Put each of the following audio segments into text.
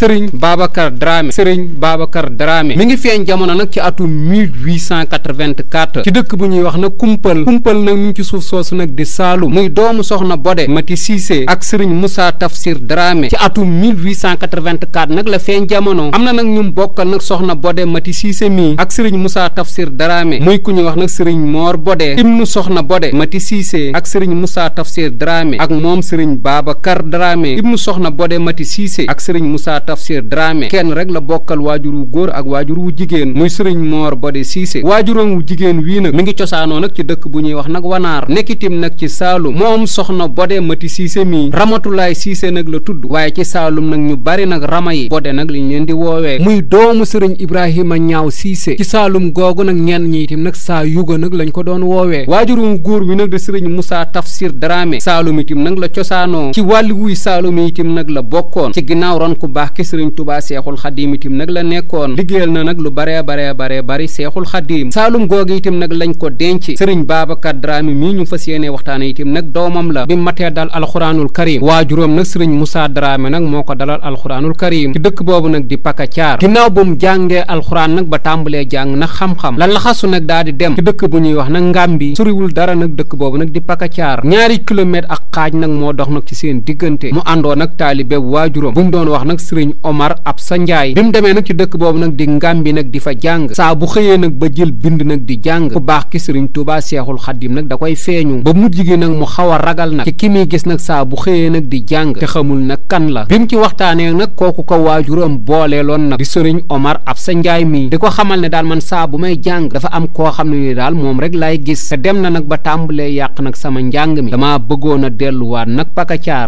Serigne Babacar Dramé Serigne Babacar Dramé mi ngi feeñ jamono nag ci atum 1884 ci dëkk bu ñuy wax nag kumpal kumpal nag mi ngi ci suuf soosu nag di Saalum muy doomu soxna Bodé Mati Cissé ak Serigne Moussa Tafsir Dramé ci atum 1884 nag la feeñ jamono am na nag ñu bokkal nag soxna Bodé Mati Cissé mii ak Serigne Moussa Tafsir Dramé muy ku ñuy wax nag Serigne Mor Bodé ibnu soxna Bodé Mati Cissé ak Serigne Moussa Tafsir Dramé ak moom Serigne Babacar Dramé ibnu soxna Bodé Mati Cissé ak Serigne Moussa tafsir Dramé kenn rek la bokkal waajur wu góor ak waajur wu jigéen muy sëriñ Mor Bode Cissé waajuram wu jigéen wii nag mi ngi cosaanoo nag ci dëkk bu ñuy wax nag wanaar nekkitim nag ci Saalum moom soxna Bode Mati Cissé mii Ramatulaay Cissé nag la tudd waaye ci Saalum nag ñu bari nag rama yi Bode nag liñ leen di woowee muy doomu sëriñ Ibrahima Ñaaw Cissé ci Saalum googu nag ñenn ñi itam nag saa yuga nag lañ ko doon woowee waajuram góor wi nag de sëriñ Moussa Tafsir Dramé Saalum itim nag la cosaanoo ci wàllu wuy Saalum itim nag la bokkoon ci ginnaaw ron ki sëriñ tubaa seexul xadim itam nag la nekkoon liggéeyal na nag lu baree baree baree bari seexul xadim saalum googu itam nag lañ ko denc sëriñ Babacar Dramé mii ñu fas yéene waxtaane itam nag doomam la bi matee dal alxuraanul karim waajuróom nag sëriñ Moussa Dramé nag moo ko dalal alxuraanul karim ci dëkk boobu nag di paka caar ginnaaw bu mu jàngee alxuraan nag ba tàmbalee jàng nag xam-xam la laxasu nag daa di dem ci dëkk bu ñuy wax nag Ngambi suriwul dara nag dëkk boobu nag di paka caar ñaari kilomètre ak xaaj nag moo dox nag ci seen diggante mu àndoon nag taalibe waajuróom bu mu doon wax nag sëriñ Omar Absa Njaay bi mu demee nag ci dëkk boobu nag di Ngàmbi nag di fa jàng saa bu xëyee nag ba jël bind nag di jàng ku baax ki sëriñ Tuubaa Seexul Xaddim nag da koy feeñu ba mujj gi nag mu xaw a ragal nag ki muy gis nag saa bu xëyee nag di jàng te xamul nag kan la bi mu ci waxtaanee nag kooku ko waajuram booleeloon nag di sëriñ Omar sa Njaay mii di ko xamal ne daal man saa bu may jàng dafa am koo xam ne daal moom rek laay gis te dem na nag ba tàmbalee yàq nag sama njàng mi damaa a delluwaat nag pakacaar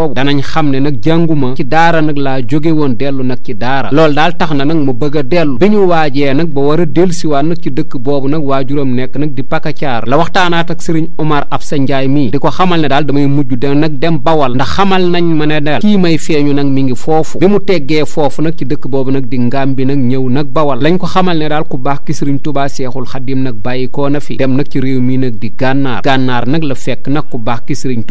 boobu danañ xam ne nag jànguma ci daara nag laa jóge woon dellu nag ci daara loolu daal tax na nag mu bëgg dellu bi ñu waajee nag ba war a dellusiwaat nag ci dëkk boobu nag waajuram nekk nag di pakacaar la waxtaanaat ak sëriñ Omar Absa Njaay mii di ko xamal ne daal damay mujj de nag dem bawal ndax xamal nañ ma ne daal kii may feeñu nag mi ngi foofu bi mu teggee foofu nag ci dëkk boobu nag di ngam bi nag ñëw nag bawal lañ ko xamal ne daal ku baax ki sëriñ Tubaa Seexul Xadim nag bàyyi koo na fi dem nag ci réew mi nag di gànnaar gànnaar nag la fekk nag ku baax ki sëriñ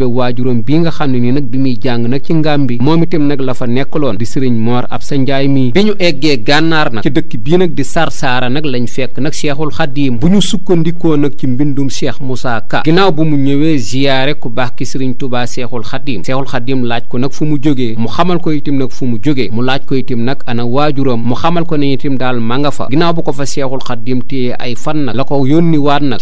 taalibe waajuram bii nga xam ne nii nag bi muy jàng nag ci ngam bi moom itam nag la fa nekkaloon di sëriñ Mor Absa Njaay mii bi ñu eggee gànnaar nag ci dëkk bii nag di Sarsara nag lañ fekk nag Seexul Xadiim bu ñu sukkandikoo nag ci mbindum Cheikh Moussa Ka ginnaaw bu mu ñëwee ziyaare ku baax ki sëriñ Touba Seexul Xadiim Seexul Xadiim laaj ko nag fu mu jógee mu xamal ko itam nag fu mu jógee mu laaj ko itam nag ana waajuram mu xamal ko ne itam daal ma nga fa ginnaaw bu ko fa Seexul Xadiim téye ay fan la ko yónni waat nag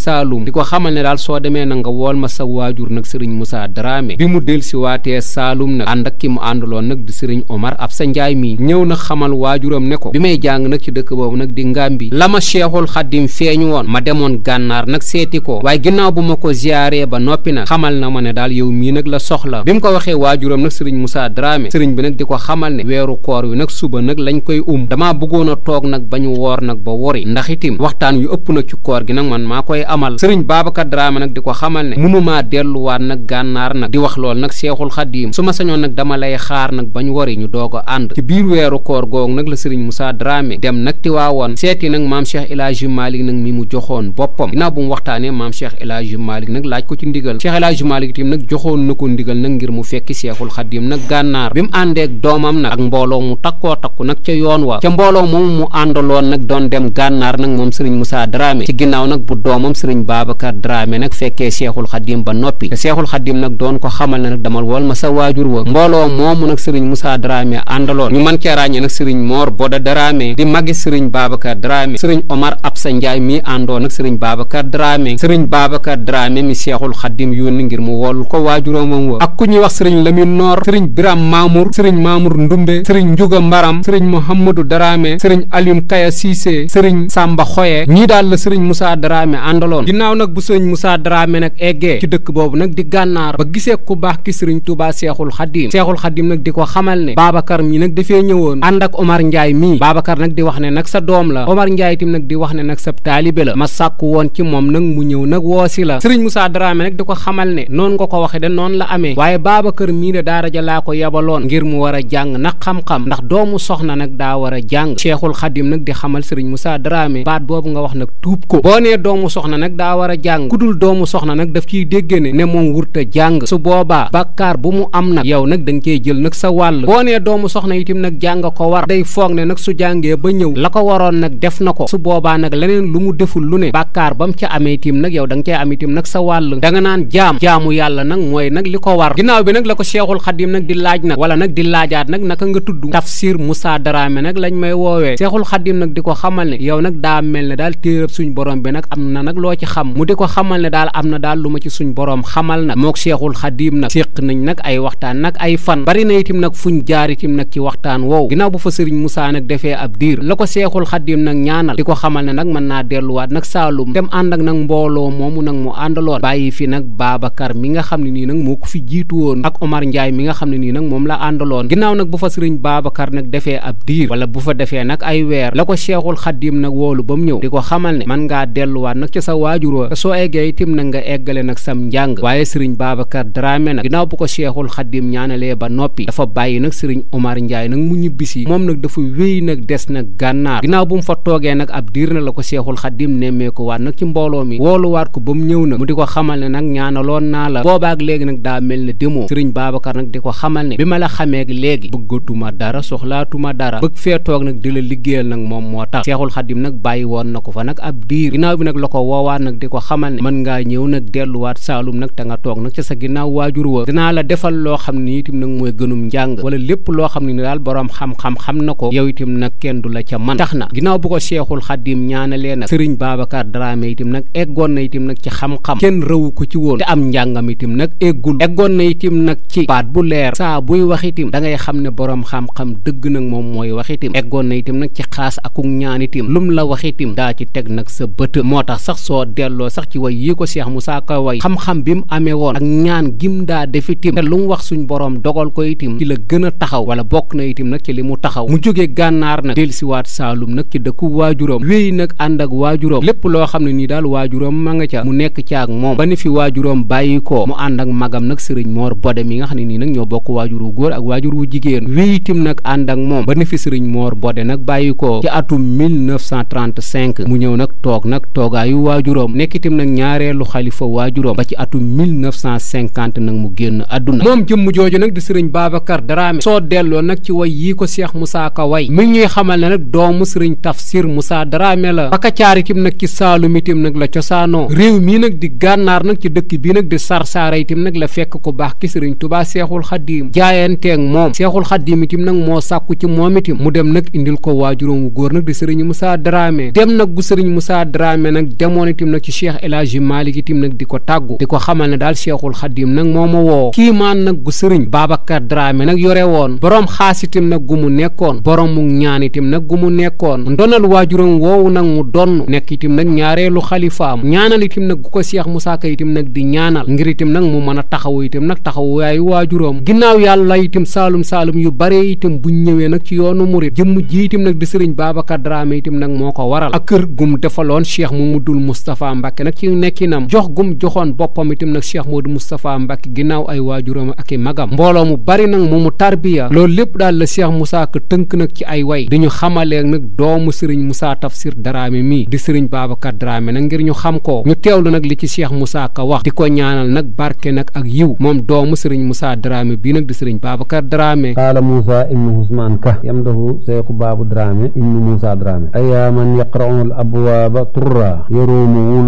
Saalum di ko xamal ne daal soo demee na nga wool ma sa waa waajur nag sëriñ Moussa Dramé bi mu del si waatee Saalum nag ànd ak ki mu àndaloon nag di sëriñ Omar Absa Njaay mii ñëw na xamal waajuram ne ko bi may jàng nag ci dëkk boobu nag di Ngambi la ma Seexul Xaddim feeñu woon ma demoon gànnaar nag seeti ko waaye ginnaaw bu ma ko ziyaaree ba noppi nag xamal na ma ne daal yow mii nag la soxla bi mu ko waxee waajuram nag sëriñ Moussa Dramé sëriñ bi nag di ko xamal ne weeru koor wi nag suba nag lañ koy um damaa bëggoon a toog nag ba ñu woor nag ba wori ndax itim waxtaan yu ëpp nag ci koor gi nag man maa koy amal sëriñ Babacar Dramé nag di ko xamal ne mënumaa delluwaat nag gànnaar nag di wax lool nag seexul xaddiim su ma sañoon nag dama lay xaar nag bañ wari a ànd ci biir weeru koor goog nag la sëriñ Moussa Dramé dem nag Tiwaawoon seeti nag maam Cheikh El Hadji Malick nag mi mu joxoon boppam ginnaaw bu mu waxtaanee maam Cheikh El Hadji nag laaj ko ci ndigal Cheikh El Hadji Malick nag joxoon na ko ndigal nag ngir mu fekki seexul xaddiim nag gànnaar bi mu àndeek doomam nag ak mbooloo mu takkoo takku nag ca yoon wa ca mbooloo moom mu àndaloon nag doon dem gànnaar nag moom sëriñ Moussa Dramé ci ginnaaw nag bu doomam sëriñ Babacar Dramé nag fekkee seexul xaddiim ba noppi te seexul xaddim nag doon ko xamal ne nag damal wool ma sa waajur wa mbooloo moomu nag sëriñ Moussa Dramé àndaloon ñu mën cee ràññee nag sëriñ Mor Boda Dramé di magi sëriñ Babacar Dramé sëriñ Omar Absa Ndiaye mii àndoon nag sëriñ Babacar Dramé sëriñ Babacar Dramé mi seexul xaddim ngir mu wool ko waajuramam wa ak ku ñuy wax sëriñ Lamine Noor sëriñ Biram Mamour sëriñ Mamour Ndumbe sëriñ Njuga Mbaram sëriñ Mouhamadou Dramé sëriñ Alioune Kaya Cissé sëriñ Samba Xoye ñii daal la sëriñ Moussa Dramé boobu nag di gànnaar ba gisee ku baax ki sëriñ Tuubaa Seexul Xadim Seexul Xadim nag di ko xamal ne Babacar mi nag dafee ñëwoon ànd ak Omar Ndiaye mii Babacar nag di wax ne nag sa doom la Omar Ndiaye itam nag di wax ne nag sa taalibe la ma sàkku woon ci moom nag mu ñëw nag woo si la sëriñ Moussa Dramé nag di ko xamal ne noonu nga ko waxe de noonu la amee waaye Babacar mii da daara ja laa ko yebaloon ngir mu war a jàng nag xam-xam ndax doomu soxna nag daa war a jàng Seexul Xadim nag di xamal sëriñ Moussa Dramé baat a jàng ku dul doomu soxna bi ne moom wurta jàng su boobaa bàkkaar bu mu am nag yow nag da nga cey jël nag sa wàll boo nee doomu soxna itim nag jàng ko war day foog ne nag su jàngee ba ñëw la ko waroon nag def na ko su boobaa nag leneen lu mu deful lu ne bàkkaar ba mu ca amee itim nag yaw da nga cey am itim nag sa wàll da nga naan jaam jaamu yàlla nag mooy nag li ko war ginnaaw bi nag la ko Seexul Xadim nag di laaj nag wala nag di laajaat nag naka nga tudd Tafsir Moussa Dramé nag lañ may woowee Seexul Xadim nag di ko xamal ne yow nag daa mel ne daal téerab suñ borom bi nag am na nag loo ci xam mu di ko xamal ne daal am na daal lu ma ci borom xamal na mook seexul xadiim nag séq nañ nag ay waxtaan nag ay fan bari na itim nag fuñ jaar itim nag ci waxtaan woow ginnaaw bu fa sëriñ Moussa nag defee ab diir la ko seexul xadiim nag ñaanal di ko xamal ne nag mën naa delluwaat nag saalum dem ànd ak nag mbooloo moomu nag mu àndaloon bàyyi fi nag Babacar mi nga xam ne nii nag moo ko fi jiitu woon ak Omar Ndiaye mi nga xam ne nii nag moom la àndaloon ginnaaw nag bu fa sëriñ Babacar nag defee ab diir wala bu fa defee nag ay weer la ko seexul xadiim nag woolu ba mu ñëw di ko xamal ne mën ngaa delluwaat nag ci sa waajuroo soo eggee itim nag nga eggale nag sam njàng sang waaye sëriñ Babacar Dramé nag ginnaaw bu ko Cheikhul Khadim ñaanalee ba noppi dafa bàyyi nag sëriñ Omar Ndiaye nag mu ñibbisi moom nag dafa wéy nag des nag gànnaar ginnaaw na la ko Cheikhul Khadim mi ko ba mu ñëw nag mu di ko xamal ne nag ñaanaloon naa la boobaak léegi nag daa mel ne demoo sëriñ Babacar nag di ko xamal ne bi ma la xamee léegi bëggatuma dara soxlaatuma dara bëgg fee toog nag di la liggéeyal nag moom moo tax Cheikhul Khadim nag bàyyi woon na ko fa nag ab diir ginnaaw bi nag la ko woowaat nag di ko xamal ne mën ngaa ñëw nag delluwaat Saalum nag te nga toog nag ci sa ginnaaw waajur wa dinaa la defal loo xam ni itam nag mooy gënum njàng wala lépp loo xam ne ni daal boroom xam-xam xam na ko yow itam nag kenn du la ca man tax na ginnaaw bu ko Seexul Xaddim ñaanalee nag Sëriñ Babacar Dramé itam nag eggoon na itam nag ci xam-xam kenn rëwu ko ci woon te am njàngam itam nag eggul eggoon na itam nag ci baat bu leer saa buy wax itam da ngay xam ne boroom xam-xam dëgg nag moom mooy wax itam eggoon na itam nag ci xaas akuk ñaan itam lum la wax itam daa ci teg nag sa bët moo tax sax soo delloo sax ci way xam-xam bi mu amee woon ak ñaan gim daa defi tim te lu mu wax suñ borom dogal ko itim ci la gën a taxaw wala bokk na itim nag ci li mu taxaw mu jógee gànnaar nag delsiwaat saalum nag ci dëkku waajuram wéy nag ànd ak waajuram lépp loo xam ne nii daal waajuram ma nga ca mu nekk ci ak moom ba ni fi waajuram bàyyi ko mu ànd ak magam nag sëriñ Mor Bodé mi nga xam ne nii nag ñoo bokk waajur wu góor ak waajur wu jigéen wéy itim nag ànd ak moom ba ni fi sëriñ Mor Bodé nag bàyyi ko ci atum 1935 mu ñëw nag toog nag toogaayu atum 1950 nag mu génn àdduna moom jëmm jooju nag di sëriñ Babacar Dramé soo delloo nag ci way yii ko Cheikh Moussa ko way mi ñuy xamal ne nag doomu sëriñ Tafsir musaa daraame la Bakacaar itam nag ci Saalum itam nag la cosaanoo réew mii nag di gànnaar nag ci dëkk bi nag di Sarsaara itam nag la fekk ko baax ki sëriñ tubaa Seexul Xaddiim jaayanteeg moom Seexul Xaddiim itam nag moo sàkku ci moom itam mu dem nag indil ko waajuróom wu góor nag di sëriñ Moussa Dramé dem nag gu sëriñ Moussa Dramé nag demoon itam nag ci Cheikh El Hadji Malick itam nag di ko tàggu xamal ne daal cheikhul xadim nag moo ma woo kiimaan nag gu sëriñ Babacar Dramé nag yore woon borom boroom xaasitim nag gu mu nekkoon borom mu ñaanitim nag gu mu nekkoon ndonal waajuram woowu nag mu donn nekk itim nag ñaareelu xalifaam ñaanal itim nag gu ko seex Musaa Ka itim nag di ñaanal ngir itim nag mu mën a taxawu itim nag taxawu taxawuwaayu waajuram ginnaaw yàlla itim saalum-saalum yu bare itim buñ ñëwee nag ci yoonu murit jëmm ji itim nag di sëriñ Babacar Dramé itim nag moo ko waral ak kër gum defaloon cheikh Mamadul Moustapha Mbàkke nag ci nekkinam jox gum joxoon boppam moom itam nag Cheikh Modou Moustapha Mbacke ginnaaw ay waajuram ak i magam mbooloo mu bari nag mu mu tarbiya loolu lépp daal la Cheikh Moussa Ka tënk nag ci ay way di ñu xamalee nag doomu sëriñ Moussa Tafsir Dramé mii di sëriñ Babacar Dramé nag ngir ñu xam ko ñu teewlu nag li ci Cheikh Moussa Ka wax di ko ñaanal nag barke nag ak yiw moom doomu sëriñ Moussa Dramé bii nag di sëriñ Babacar Dramé qaala Moussa ibnu Ousmane Ka yamdahu seexu baabu Dramé ibnu Moussa Dramé ayaa man yaqra'u al abwaaba turra yaruumu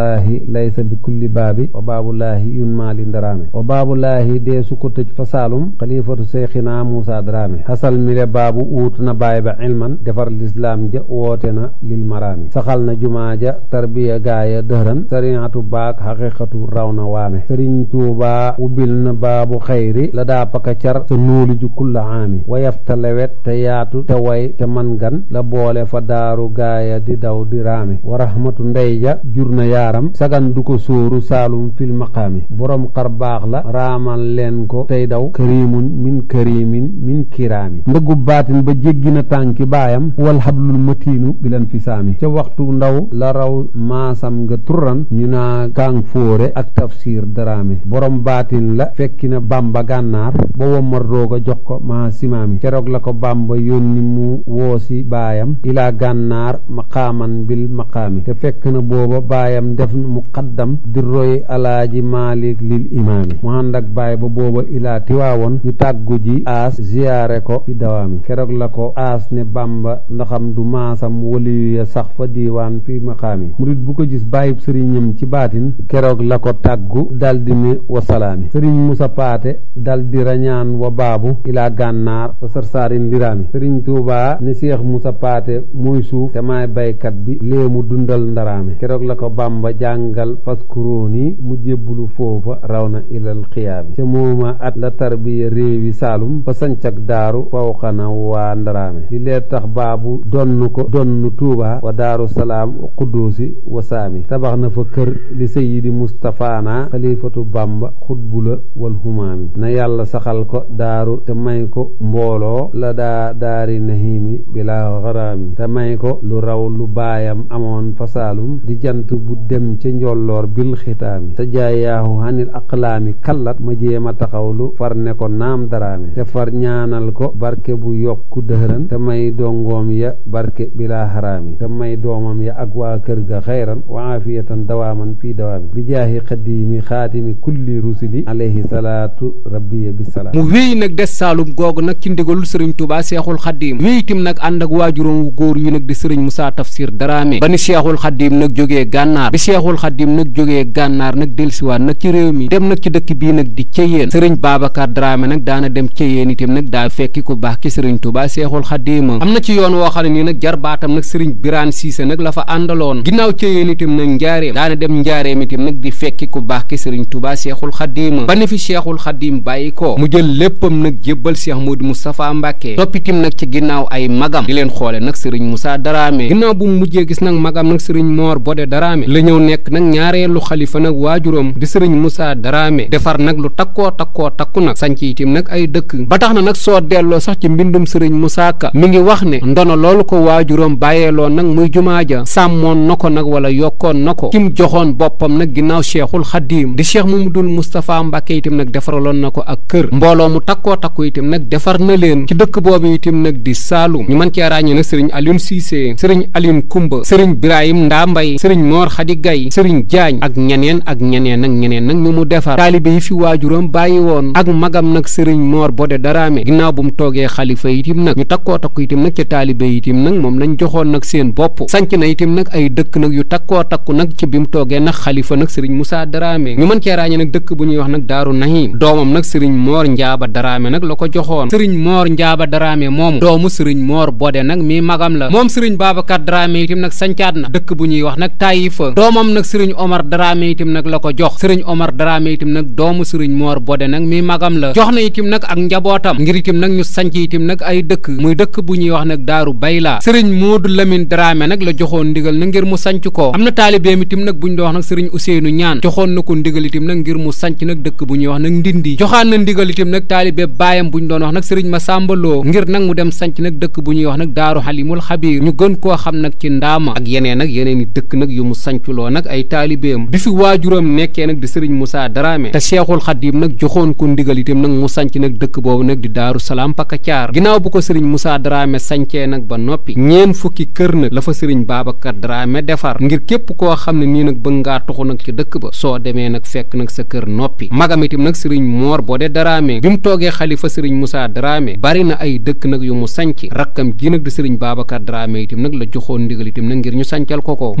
baabullaahi laysa bi kulli baabi wa baabullaahi yun maali ndaraame wa baabullaahi dee su ko tëj fa saalum xalifatu seyxinaa muusa daraame xasal mi le baabu uutu na baay ba ilman defar lislaam ja woote na lil maraami saxal na jumaa ja tarbiya gaaya dëhëran sariatu baak xaqiqatu raw na waame sëriñ tuubaa ubbil na baabu xayri la daa paka car sa nuuli kulla aami wayafta lewet te yaatu te way te man gan la boole fa daaru gaaya di daw di raame wa rahmatu ndey ja jur na yaa jaaram sagan du ko sóoru saalum fil maqaami boroom xar baax la raamal leen ko tey daw karimun min karimin min kiraami ndëggu baatin ba jéggi na tànki baayam wal hablul matiinu bilan fi saami ca waxtu ndaw la raw maasam nga turan ñu naa kàng fóore ak tafsir daraame boroom baatin la fekki na ba gànnaar ba wommar doog a jox ko maa simaami ceroog la ko ba yónni mu woosi baayam ilaa gànnaar maqaaman bil maqaami te fekk na booba baayam def muqaddam di roy alaaji maalik lil imaami mu ànd ak baay ba booba ilaa tiwaawoon ñu tàggu ji aas ziyaare ko ci dawaami keroog la ko aas ne bàmba ndaxam du maasam waliyu ya sax fa diwaan fi maqaami murit bu ko gis bàyyib sëriñam ci baatin keroog la ko tàggu daldi ne wasalaami sëriñ musa paate daldi rañaan wa baabu ilaa gànnaar sa sarsaarin liraami sëriñ tuubaa ne seex musa paate mooy suuf te maay baykat bi léemu dundal ndaraame keroog la ba jàngal faskuróoni mu jébbulu foofa raw na ilal xiyaami ca mooma at la tarbiya réewi saalum fa sancak daaru fawxana waa ndaraame li leer tax baabu donn ko donn tuuba wa daaru salaam wa quddoosi wa saami tabax na fa kër li sayidi mustafaana xalifatu bamba xutbula wal humaami na yàlla saxal ko daaru te may ko mbooloo la daa daari nahimi bilaa xaraami te may ko lu raw lu baayam amoon fa saalum di jant bu dem ca njolloor bil xitaami te jaayaahu hanil aqlaami kallat ma jéem a taxawlu far ne ko naam daraame te far ñaanal ko barke bu yokku dëhëran te may dongoom ya barke bilaa haraami te may doomam ya ak waa kër ga xayran wa aafiyatan dawaaman fii dawaami bi jaahi xadiimi xaatimi kulli rusuli alayhi salaatu rabbiya bi salaam mu wéy nag des saalum googu nag ci ndigalul sëriñ tubaa seexul xaddiim wéy tim nag ànd ak waajuroom wu góor yu nag di sëriñ Cheikhul Khadim nag jógee gànnaar nag dellusiwaat nag ci réew mi dem nag ci dëkk bii nag di Ceyeen sëriñ Babacar Dramé nag daana dem Ceyeen itam nag daa fekki ku baax ki sëriñ Touba Cheikhul Khadim am na ci yoon woo xam ne nii nag jarbaatam nag sëriñ Birane Cissé nag la fa àndaloon ginnaaw Ceyeen itam nag njaareem daana dem njaareem itam nag di fekki ku baax ki sëriñ Touba Cheikhul Khadim ba ne fi Cheikhul Khadim bàyyi ko mu jël léppam nag jébbal Cheikh Modou Moustapha Mbacké toppitim nag ci ginnaaw ay magam di leen xoole nag sëriñ Moussa Dramé ginnaaw bu mu mujjee gis nag magam nag sëriñ Mor Bodé Dramé ñëw nekk nag ñaareelu xalifa nag waajuram di sëriñ Moussa Dramé defar nag lu takkoo takkoo takku nag sanc itim nag ay dëkk ba tax na nag soo delloo sax ci mbindum sëriñ Moussa Ka mi ngi wax ne ndono loolu ko waajuram bàyyeeloo nag muy jumaa ja sàmmoon na ko nag wala yokkoon na ko kim joxoon boppam nag ginnaaw cheikhul xadim di mu Mamadul Moustapha Mbàkke itam nag defaraloon na ko ak kër mbooloo mu takkoo takku itam nag defar na leen ci dëkk boobu itam nag di Saalum ñu mën cee ràññee nag sëriñ Alioune Cissé sëriñ Alioune Kumba sëriñ Gaye Serigne Diagne ak ñeneen ak ñeneen ak ñeneen nag ñu mu defar taalibe yi fi waajuram bàyyi woon ak magam nag Serigne Mor Bodé Daraame ginnaaw bu mu toogee xalifa yitim nag ñu takkoo takku yitim nag ca taalibe yitim nag moom lañ joxoon nag seen bopp sanc na yitim nag ay dëkk nag yu takkoo takku nag ci bi mu toogee nag xalifa nag Serigne Moussa Daraame ñu mën cee ràññee nag dëkk bu ñuy wax nag Daaru Nahim doomam nag Serigne Mor Njaaba Daraame nag la ko joxoon Serigne Mor Njaaba Daraame moomu doomu Serigne Mor Bodé nag mii magam la moom Serigne Babacar Daraame yitim nag sancaat na dëkk bu ñuy wax nag doomam nag sëriñ Omar Dramé itam nag la ko jox sëriñ Omar Dramé itam nag doomu sëriñ moor Bodé nag mi magam la jox na itam nag ak njabootam ngir itam nag ñu sanc itam nag ay dëkk muy dëkk bu ñuy wax nag Daaru Bayla sëriñ Moodu Lamine Dramé nag la joxoon ndigal na ngir mu sanc ko am na taalibeem itam nag bu ñu wax nag sëriñ Ousseynou Ñaan joxoon na ko ndigal itam nag ngir mu sanc nag dëkk bu ñuy wax nag Ndindi joxaan na ndigal itam nag taalibe baayam bu ñu doon wax nag sëriñ ma Lo ngir nag mu dem sanc nag dëkk bu ñuy wax nag Daaru Halimul Xabiir ñu gën koo xam nag ci Ndaama ak yeneen ak yeneen i dëkk nag yu mu sanc loo nag ay taalibeem bi fi waajuram nekkee nag di sëriñ Moussa Dramé te Cheikhul Khadim nag joxoon ko ndigal nag mu sanc nag dëkk boobu nag di Daaru Salaam Paka Thiar ginnaaw bu ko sëriñ Moussa Dramé sancee nag ba noppi ñeen fukki kër nag la fa sëriñ Babacar Dramé defar ngir képp koo xam ne nii nag bëgg ngaa toxu nag ci dëkk ba soo demee nag fekk nag sa kër noppi magam itam nag sëriñ Mor Bodé Dramé bi mu toogee xalifa sëriñ Moussa Dramé bari na ay dëkk nag yu mu sanc rakkam gi nag di sëriñ Babacar itam nag la joxoon ndigal itam ngir ñu sancal ko ko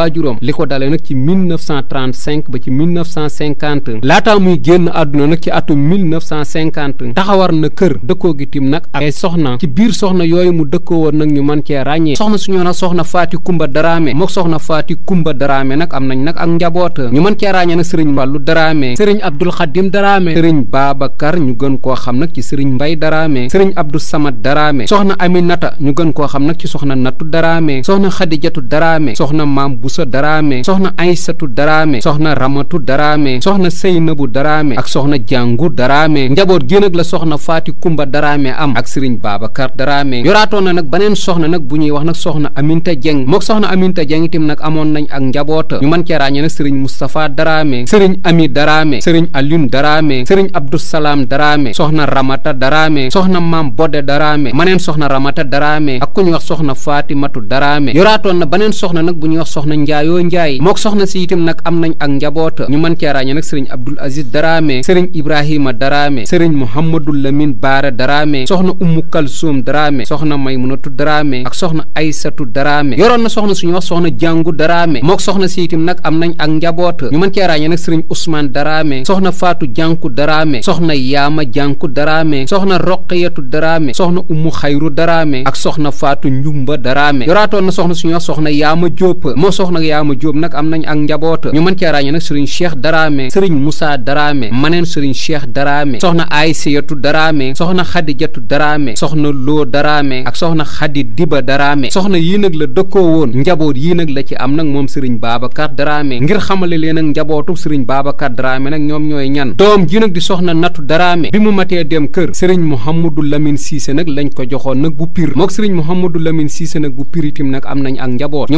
waajuram li ko dalee nag ci 1935 ba ci 1950 laataa muy génn àdduna nag ci atum 1950 taxawar na kër dëkkoo gi tim nag ak ay soxna ci biir soxna yooyu mu dëkkoo woon nag ñu man cee ràññee soxna suñu nag soxna Faati Kumba Daraame mook soxna Faati Kumba Daraame nag am nañ nag ak njaboota ñu man cee ràññee nag sëriñ Mbàllu Daraame sëriñ Abdul Xadim Daraame sëriñ Babacar ñu gën koo xam nag ci sëriñ Mbay Daraame sëriñ Abdou Samad Daraame soxna Aminata ñu gën koo xam nag ci soxna Nattu Daraame soxna Xadijatu Daraame soxna Maam bu Buso Daraame soxna Aysatu Daraame soxna Ramatu Daraame soxna Seynabu Daraame ak soxna Jàngu Daraame njaboot gi nag la soxna Faati Kumba Daraame am ak Sëriñ Babacar Daraame yoraatoon na nag beneen soxna nag bu ñuy wax nag soxna Aminta Jeng mook soxna Aminta Jeng itam nag amoon nañ ak njaboota ñu mën cee ràññee nag Sëriñ Moustapha Daraame Sëriñ Ami Daraame Sëriñ Alioune Daraame Sëriñ Abdou Salaam Daraame soxna Ramata Daraame soxna Maam Bodde Daraame maneen soxna Ramata Daraame ak ku ñuy wax soxna Faatimatu Daraame yoraatoon na beneen soxna nag bu ñuy wax soxna soxna njaayoo njaay mook soxna si itam nag am nañ ak njaboota ñu mën cee ràññee nag sëriñ abdul aziz daraame sëriñ ibrahima daraame sëriñ mouhamadul lamin baara daraame soxna ummu kalsoom daraame soxna maymunatu daraame ak soxna aysatu daraame yoroon na soxna suñu wax soxna jàngu daraame mook soxna si itam nag am nañ ak njaboota ñu man cee ràññee nag sëriñ ousmane daraame soxna faatu jànku daraame soxna yaama jànku daraame soxna roqiyatu daraame soxna ummu xayru daraame soxna faatu njumba daraame yoraatoon na soxna suñu wax soxna yaama jóob soxna Yaama Jóob nag am nañ ak njaboot ñu mën cee ràññee nag sëriñ Cheikh Daraame sëriñ Moussa Daraame maneen sëriñ Cheikh Daraame soxna Aysiyatu Daraame soxna Xadijatu Daraame soxna Loo Daraame ak soxna Xadi Diba Daraame soxna yii nag la dëkkoo woon njaboot yii nag la ci am nag moom sëriñ Babacar Daraame ngir xamale leen nag njabootu sëriñ Babacar Daraame nag ñoom ñooy ñan doom ji nag di soxna Natu Daraame bi mu matee dem kër sëriñ Mouhamadou Lamine Cissé nag lañ ko joxoon nag bu pir mook sëriñ Mouhamadou Lamine Cissé nag bu pir itim am nañ ak njaboot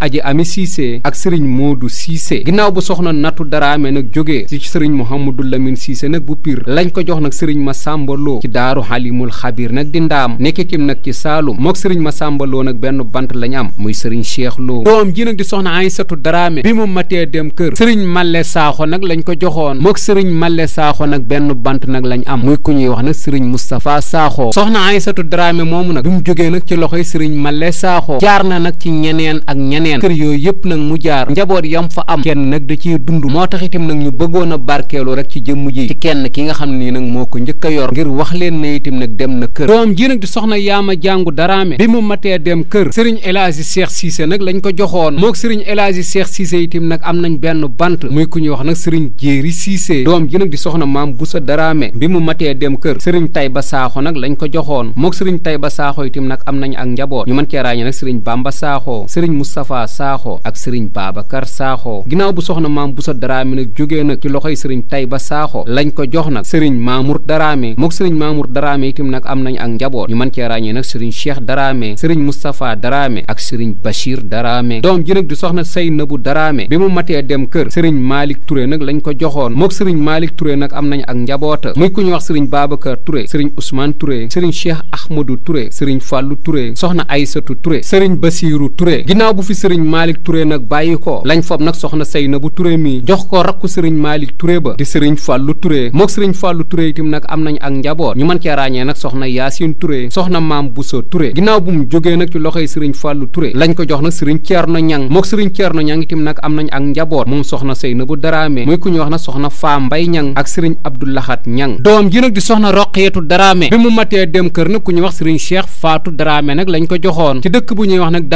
aji ami siise ak sëriñ moodu siise ginnaaw bu soxna nattu daraame nag jógee ci sëriñ mouhamadou lamine siise nag bu pir lañ ko jox nag sëriñ masamba lo ci daaru xalimul xabir nag di ndaam nekkitim nag ci saalum mook sëriñ masamba lo nag benn bant lañ am muy sëriñ cheikh lo doom ji nag di soxna aysatu daraame bi mu matee dem kër sëriñ malle saaxo nag lañ ko joxoon mook sëriñ male saaxo nag benn bant nag lañ am muy ku ñuy wax nag sëriñ moustapha saaxo mu jógee nag ci loxoy sëriñ malle saaxo jaar na nag ci ñeneen ak ñeneen faneen yooyu yëpp nag mu jaar njaboot yam fa am kenn nag da dund moo tax itam nag ñu bëggoon a barkeelu rek ci jëmm ji kenn ki nga xam ne nag moo ko njëkk a ngir wax leen ne itam nag dem na kër doom ji nag di soxna yaama jàngu daraame bi mu matee dem kër sëriñ El Hadji Cheikh nag lañ ko joxoon mook sëriñ El Hadji Cheikh Cissé itam nag am nañ benn bant muy ku ñuy wax nag sëriñ Jéeri Cissé doom ji nag di soxna maam Boussa daraame bi mu matee dem kër sëriñ Tayba Saaxo nag lañ ko joxoon moog sëriñ Tayba Saaxo itim nag am nañ ak njaboot ñu mën cee nag sëriñ Bamba sëriñ Moustapha Moustapha Sakho ak Serigne Babacar Sakho ginnaaw bu soxna maam Bousso Dramé nag jógee nag ci loxoy Serigne Taïba Sakho lañ ko jox nag Serigne Mamour Dramé mook Serigne Mamour Dramé itam nag am nañ ak njaboot ñu mën cee ràññee nag Serigne Cheikh Dramé Serigne Moustapha Dramé ak Serigne Bachir Dramé doom ji nag di soxna Seynabu Dramé bi mu matee dem kër Serigne Malick Touré nag lañ ko joxoon mook Serigne Malick Touré nag am nañ ak njaboota muy ku ñu wax Serigne Babacar Touré Serigne Ousmane Touré Serigne Cheikh Ahmadou Touré Serigne Fallou Touré soxna Aïssatou Touré Serigne Bassirou Touré ginnaaw bu fi sëriñ Malick Touré nag bàyyi ko lañ fob nag soxna Seynabou Touré mi jox ko rakku sëriñ Malick Touré ba di sëriñ Fallou Touré mook sëriñ Fallou Touré itam nag am nañ ak njaboot ñu mën cee ràññee nag soxna Yacine Touré soxna Maam Bousso Touré ginnaaw bu mu jógee nag ci loxoy sëriñ Fallou Touré lañ ko jox nag sëriñ Thierno Ñang mook sëriñ Thierno Ñang itam nag am nañ ak njaboot moom soxna Seynabou Daraame muy ku ñu wax nag soxna Faa Mbay Ñang ak sëriñ Abdou Lahat Ñang doom ji nag di soxna Roqiyatu Daraame bi mu matee dem kër nag ku ñuy wax sëriñ Cheikh Fatou Daraame nag ko joxoon ci dëkk bu ñuy wax nag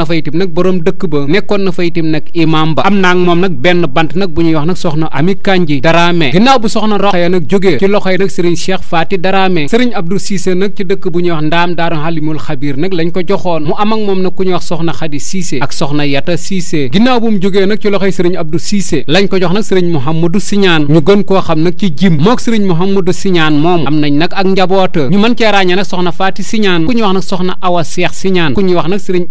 na fa itam nag borom dëkk ba nekkoon na fa itam nag imam ba am naa ak moom nag benn bant nag bu ñuy wax nag soxna Ami Kanji Daraame ginnaaw bu soxna Roxaya nag jógee ci loxoy nag sëriñ Cheikh Faati Daraame sëriñ Abdou Cissé nag ci dëkk bu ñuy wax ndaam daaru Halimul Xabir nag lañ ko joxoon mu am ak moom nag ku ñu wax soxna Xadi Cissé ak soxna Yata Cissé ginnaaw bu mu jógee nag ci loxoy sëriñ Abdou Cissé lañ ko jox nag sëriñ Mouhamadou Siñaan ñu gën koo xam nag ci jim mook sëriñ Mouhamadou Siñaan moom am nañ nag ak njaboota ñu mën cee ràññee nag soxna Faati Siñaan ku ñuy wax nag soxna Awa Seex Siñaan ku ñuy wax nag sëriñ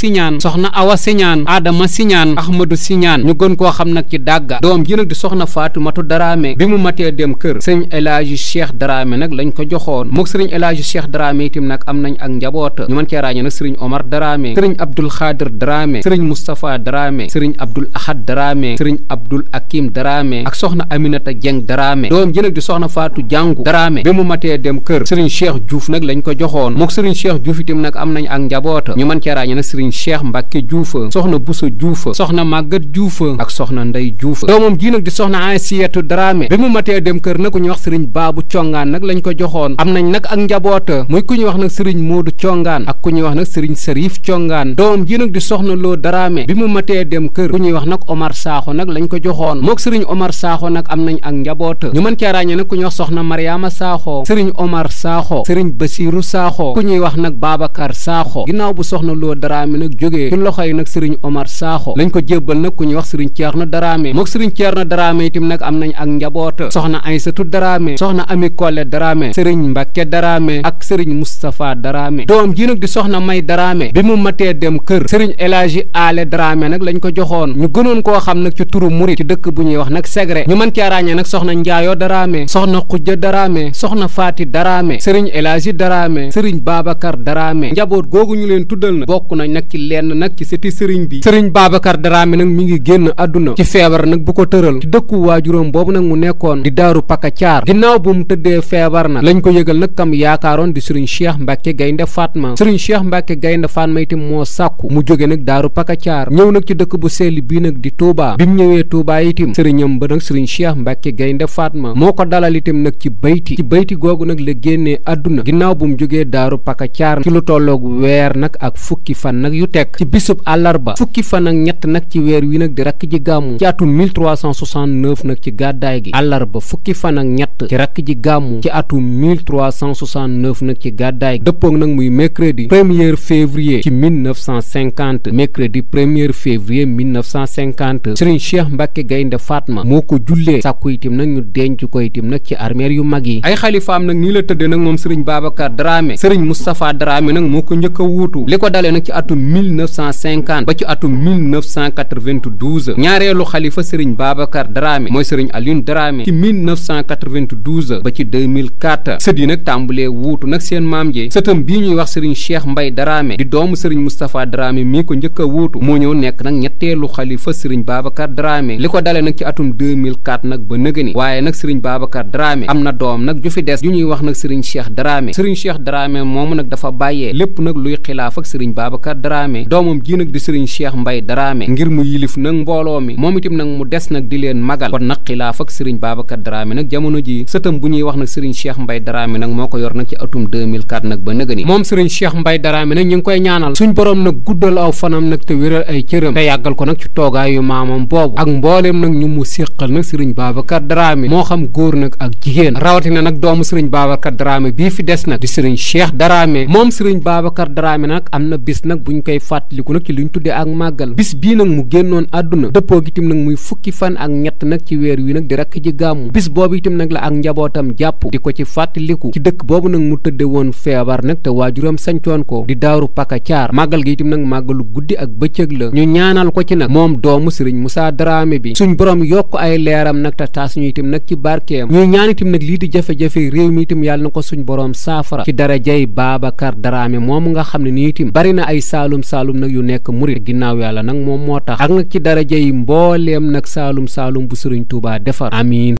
Siñaan soxna Awa Siñaan Adama Siñaan Ahmadou Siñaan ñu gën koo xam nag ci dàgga doom ji nag di soxna matu Daraame bi mu matee dem kër sëñ El Hadji Cheikh Daraame nag lañ ko joxoon mook sëriñ El Hadji Cheikh Daraame itam nag am nañ ak njaboota ñu mën cee ràññee nag sëriñ Omar Daraame sëriñ Abdul Xaadir Daraame sëriñ Moustapha Daraame sëriñ Abdul Ahad Daraame sëriñ Abdul Akim Daraame ak soxna Aminata Dieng Daraame doom ji nag di soxna Faatu Jàngu Daraame bi mu matee dem kër sëriñ Cheikh Diouf nag lañ ko joxoon mook sëriñ Cheikh Diouf itam nag am nañ ak njaboota ñu mën cee sëriñ sëriñ cheikh mbàkke juufa soxna busa juufa soxna màggat juufa ak soxna ndey juufa doomam ji nag di soxna ansiyatu dramé bi mu matee dem kër nag ku ñuy wax sëriñ baabu congaan nag lañ ko joxoon am nañ nag ak njaboota muy ku ñuy wax nag sëriñ moodu congaan ak ku ñuy wax nag sëriñ sërif congaan doomam ji nag di soxna loo dramé bi mu matee dem kër ku ñuy wax nag omar saaxo nag lañ ko joxoon mook sëriñ omar saaxo nag am nañ ak njaboota ñu mën cee ràññee nag ku ñu wax soxna mariama saaxo sëriñ omar saaxo sëriñ basiru saaxo ku ñuy wax nag babacar Dramé nag jógee ci loxoy nag sëriñ Omar Sakho lañ ko jébbal nag ku ñuy wax sëriñ Thierno Dramé mook sëriñ Thierno Dramé itam nag am nañ ak njaboota soxna Aysatu Dramé soxna Ami Kolle Dramé sëriñ Mbakke Dramé ak sëriñ Moustapha Dramé doom ji nag di soxna May Dramé bi mu matee dem kër sëriñ El Hadji Aale nag lañ ko joxoon ñu gënoon koo xam nag ci turu murit ci dëkk bu ñuy wax nag Segre ñu mën cee ràññee nag soxna Njaayo Dramé soxna Xujja Dramé soxna Faati Dramé sëriñ El Hadji Dramé sëriñ Babacar Dramé njaboot googu ñu leen tuddal na nag ci lenn nag ci sëti sëriñ bi sëriñ Babacar Dramé nag mi ngi génn àdduna ci feebar nag bu ko tëral ci dëkku waajuróom boobu nag mu nekkoon di daaru paka caar ginnaaw bu mu tëddee feebar nag lañ ko yëgal nag kam yaakaaroon di sëriñ Cheikh Mbacke Gaynde Fatma sëriñ Cheikh Mbacke Gaynde Fatma itam moo sàkku mu jóge nag daaru paka caar ñëw nag ci dëkk bu sell bi nag di Touba bi mu ñëwee Touba itam sëriñam ba nag sëriñ Cheikh Mbacke Gaynde Fatma moo ko dalal itam nag ci bayti ci bayti googu nag la génnee àdduna ginnaaw bu nag yu teg ci bisub àllarba fukki fan ak ñett nag ci weer wi nag di rakk ji gàmmu ci atum 1369 nag ci gàddaay gi àllarba fukki fan ak ñett ci rakk ji gàmmu ci atum 1369 nag ci gàddaay gi dëppoog nag muy mercredi 1er février ci 1950 mercredi 1er février 1950 Serigne Cheikh Mbacke Gaynde Fatma moo ko jullee sàkku itim nag ñu denc ko itim nag ci armeel yu mag yi ay xalifaam nag nii la tëddee nag moom Serigne Babacar Dramé Serigne Moustapha Dramé nag moo ko njëkk a wuutu atum 1950 ba ci atum 1992 ñaareelu xalifa sëriñ Babacar Dramé mooy sëriñ Alioune Dramé ci 1992 ba ci 2004 sët yi nag tàmbulee wuutu nag seen maam ji sëtam bii ñuy wax sëriñ Cheikh mbay Dramé di doom sëriñ Moustapha Dramé mii ko njëkk a wuutu moo ñëw nekk nag ñetteelu xalifa sëriñ Babacar Dramé li ko dale nak ci atum 2004 nag ba nëgëni waaye nag sëriñ Babacar Dramé am na doom nag ju fi des ju ñuy wax nag sëriñ Cheikh Dramé sëriñ Cheikh Dramé moomu nag dafa bàyyee lépp nag luy xilaaf ak sëriñ Babacar Dramé Dramé doomam ji nag di sëriñ Cheikh Mbaye Dramé ngir mu yilif nag mbooloo mi moom itam nag mu des nag di leen magal kon nag xilaaf ak sëriñ Babacar Dramé nag jamono ji sëtam bu ñuy wax nag sëriñ Cheikh Mbaye Dramé nag ko yor nag ci atum 2004 nag ba nëgëni moom sëriñ Cheikh Mbaye Dramé nag ñu ngi koy ñaanal suñ borom nag guddal aw fanam nag te wéral ay cëram te yàggal ko nag ci toogaayu maamam boobu ak mbooleem nag ñu mu séqal nag sëriñ Babacar Dramé moo xam góor nag ak jigéen rawatina nag doomu sëriñ Babacar Dramé bii fi des na bis nag buñ ñu koy fàttaliku nag ci li ñu tuddee ak màggal bis bii nag mu génnoon àdduna dëppoo gi itam nag muy fukki fan ak ñett nag ci weer wi nag di rakk ji gàmmu bis boobu itam nag la ak njabootam jàpp di ko ci fàttaliku ci dëkk boobu nag mu tëdde woon feebar guddi ak bëccëg la ñu ñaanal ko ci nag moom doomu sëriñ Moussa Dramé bi suñ borom yokk ay leeram nag te taas ñu itam nag ci barkeem ñuy ñaan itam nag lii di jafe-jafe réew mi itam yàlla na ko suñ borom saafara ci darajay Babacar Dramé moom nga xam ne nii itam bari na ay saalu saalum saalum nag yu nekk murit ginnaaw yàlla nag moom moo tax ak nag ci daraja yi mbooleem nag saalum saalum bu sëriñ Tuubaa defar amiin